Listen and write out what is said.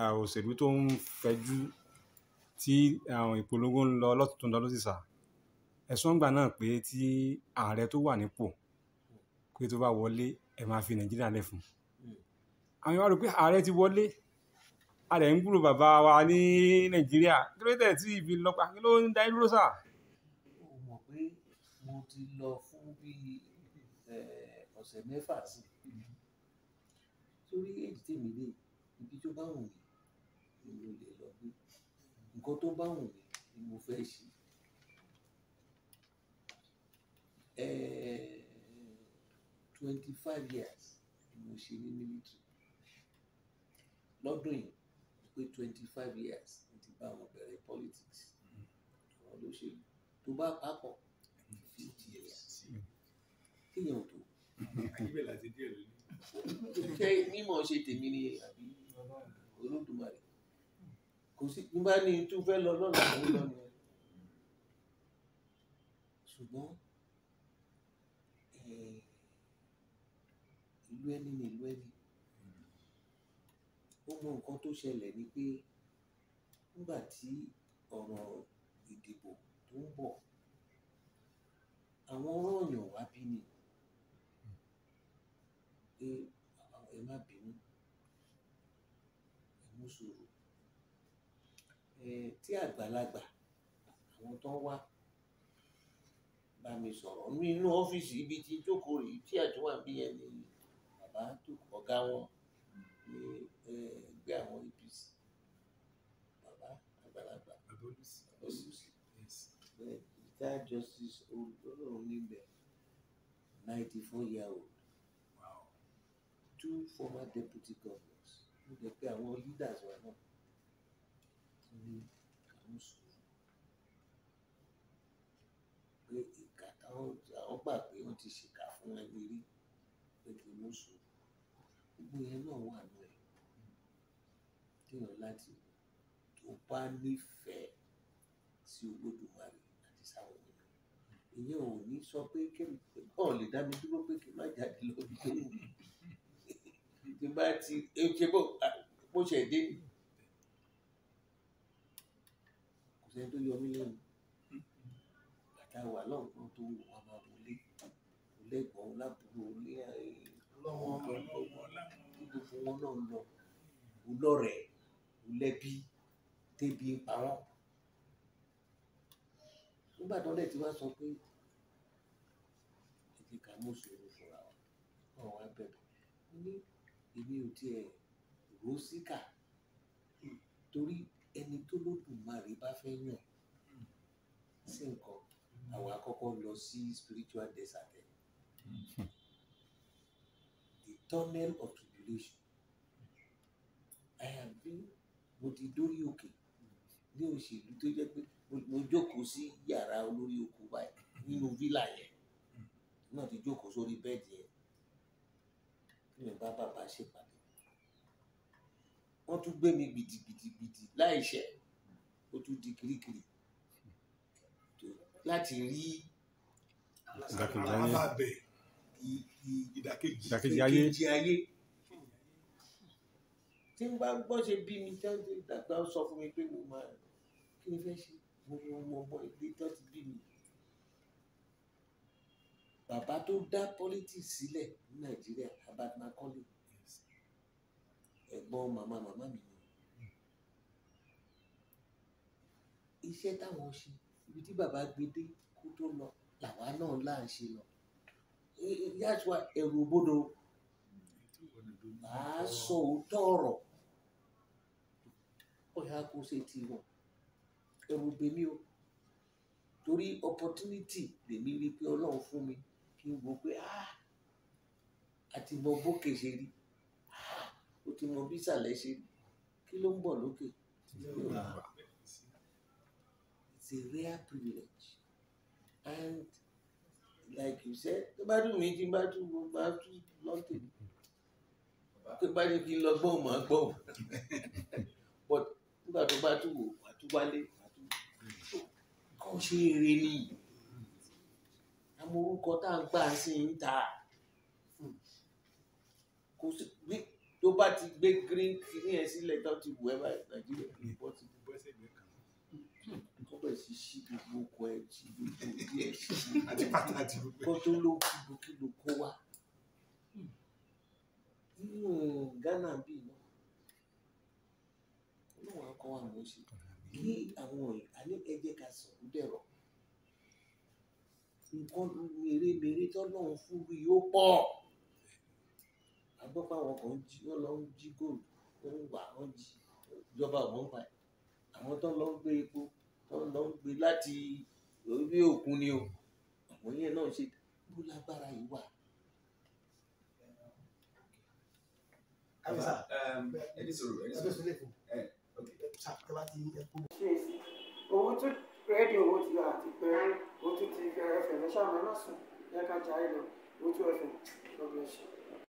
òṣèlú tó ń fẹjú tí àwọn ìpolongo ń lọ lọ́tún tó ń lọ lọ́sì sà ẹ̀sùn gbà náà pé tí ààrẹ tó wà nípò pé tó bá wọlé ẹ máa fi nàìjíríà lẹ̀ fún àwọn yorùbá rò pé ààrẹ ti wọlé ààrẹ ń gbúrò bàbá wa ní nàìjíríà kí ló dé tí ìbí lọ́pàá kí ló ń dá dúró sà. o mọ̀ pé mo ti lọ fún bíi ọ̀sẹ̀ mẹ́fà sí i torí èyí tèmi lè ibi tó bá wù mí ni mo lè lọ gbé nǹkan tó bá wù mí ni mo fẹ́ ṣe. twenty five years ni mo ṣe ní military lọ́dún yìí pé twenty five years mo ti bá wọn bẹ̀rẹ̀ politics àwọn olóṣèlú tó bá papọ̀ fifty years kéèyàn tó. àyíbẹ̀ láti díẹ̀ lónìí. ṣé mímọ̀ ṣe tèmi ni àbí olódùmarè kò sí ní bá ní tó fẹ́ lọ lọ́nà àwọn lọ nìyẹn ṣùgbọ́n eh, ìlú ẹni ni ìlú ẹni ó mọ nǹkan tó ṣẹlẹ̀ ni pé nígbà tí ọ̀rọ̀ ìdìbò tó ń bọ̀ àwọn ọ̀rọ̀ wá bí ni ẹ má bínú ẹ mú sùúrù Eh, tí àgbàlagbà àwọn tó ń wá bá mi sọ̀rọ̀ nínú ọ́fíìsì ibi tí jókòó rèé tí àtúwà bí yẹn bàbá tó ọ̀gá wọn ní eh, àwọn APC bàbá àgbàlagbà retired justice olóòrùn níbẹ̀ ninety four year old wow. two former deputy governors ló jẹ́ pé àwọn leaders wa náà ní àwọn sùúrù pé ìka àwọn gbà pé wọ́n ti ṣèkà fún ẹni rí pé kí n mú sùúrù gbogbo yẹn náà wà ní ẹ̀ kéèyàn láti tó bá nífẹ̀ẹ́ sí Olódùmarè àti sáwọn ènìyàn ìyẹn ò ní sọ pé kẹ́mi ọ̀ lè dá mi dúró pé kí n má jáde lọ bí kí n bá ti ẹ ṣe bó ṣe dé ni. sẹ́ni tó yọ mí lẹ́nu bàtà wà lọ́nkàn tó wù wọn máa wọlé lẹ́gbọ̀n lábúrò ní lọ́wọ́ gbogbo fún wọn náà lọ olọ́rẹ̀ olẹ́bí tẹ́bi pa wọ́n. nígbà tó lẹ́ẹ̀ tí wọ́n sọ pé ètò ìka mú sòrò fúnra wọn wọn wá bẹ̀rẹ̀ ní èmi ò tiẹ̀ rò síkà torí ẹni tó lódùmarè bá fẹ́ yàn sí nǹkan àwọn àkọ́kọ́ lọ sí spiritual desert the tunnel of tribulation I have been mo ti dórí òkè ní òṣèlú tó jẹ́ pé mo jókòó sí yàrá olórí oko báyìí nínú fílà yẹn náà ti jókòó sórí bẹ́ẹ̀dì yẹn kí ni bá bàbá ṣèpàdé wọ́n tún gbé mi gbìdìgbìdìgbìdì láìṣẹ́ ó tún di kirikiri láti rí alábẹ ìdàkejì ayé tí n bá gbọ́ ṣe bí mi tán ṣe dàgbà sọ fún mi pé mo máa kí ni fẹ́ ṣe mo ní ọmọ ọmọ ìdí tán ti bí mi. bàbá tó dá politics sílẹ̀ ní Nàìjíríà Herbert ẹ̀gbọ́n màmá màmá mi ni iṣẹ́ táwọn ṣe ibi tí bàbá gbé dé kó tó lọ làwa náà là ń ṣe lọ that's why ẹ̀rù gbọ́dọ̀ màá sọ òótọ́ ọ̀rọ̀ ọ̀yà kò ṣe ti wọn ẹ̀rù bèmí o torí opportunity lèmi rí pé ọlọ́run fún mi kí n wò pé ah àti mọ bókè ṣe rí ó ti mọ bí ìsàlẹ̀ ṣe kí ló ń bọ̀ lókè it's a rare privilege and like you said tó bá dùn mí tí bá dùn mo bá dùn lọ́tẹ̀ tó bá ní kí n lọ gbọ́n màá gbọ́n but nígbà tó bá dùn wò wàá tún wálé wàá tún kàn ṣe eré nìyí àmọ́ orúkọ tá à gbà sí ń ta hmm. kò sí tó bá ti gbé green kìíní ẹ̀ sílẹ̀ tó ti wù ẹ́ báyìí nàìjíríà kì í bọ́ ti bú bẹ́sẹ̀ gbé kan. ó bẹ̀rẹ̀ sí sí gbogbo ọkọ̀ ẹ̀ ti gbogbo orí ẹ̀ sí àti pàtó àti gbogbo kó tó ló kíbo kíbo kó wá. nínú Ghana bíi náà olóhùn akọ àwọn oṣù kí àwọn àní ẹ̀jẹ̀ ká sọ̀rọ̀ dẹ̀rọ̀ nǹkan mèremère tọ́lọ́run fún mi yóò pọ̀ gbọ́ pé àwọn kan jí wọ́n lọ ń jí gold wọ́n ń wà wọ́n jí ìjọba àwọn pa ẹ̀ àwọn tó ń lọ ń gbé epo tó ń lọ ń gbé láti orí òkun ni o àwọn yẹn náà ṣe bó lágbára yìí wà. ẹni sọ̀rọ̀ ẹni sọ̀rọ̀ ẹ eh, owó tó rẹ́ẹ̀dì owó ti yọ àti pé owó tó ti fẹ́ ẹfẹ̀ lẹ́sàmọ́ náà yẹ ká jà ẹ lọ owó tó ẹfẹ̀ lọ́gbẹ̀ẹ́sẹ̀.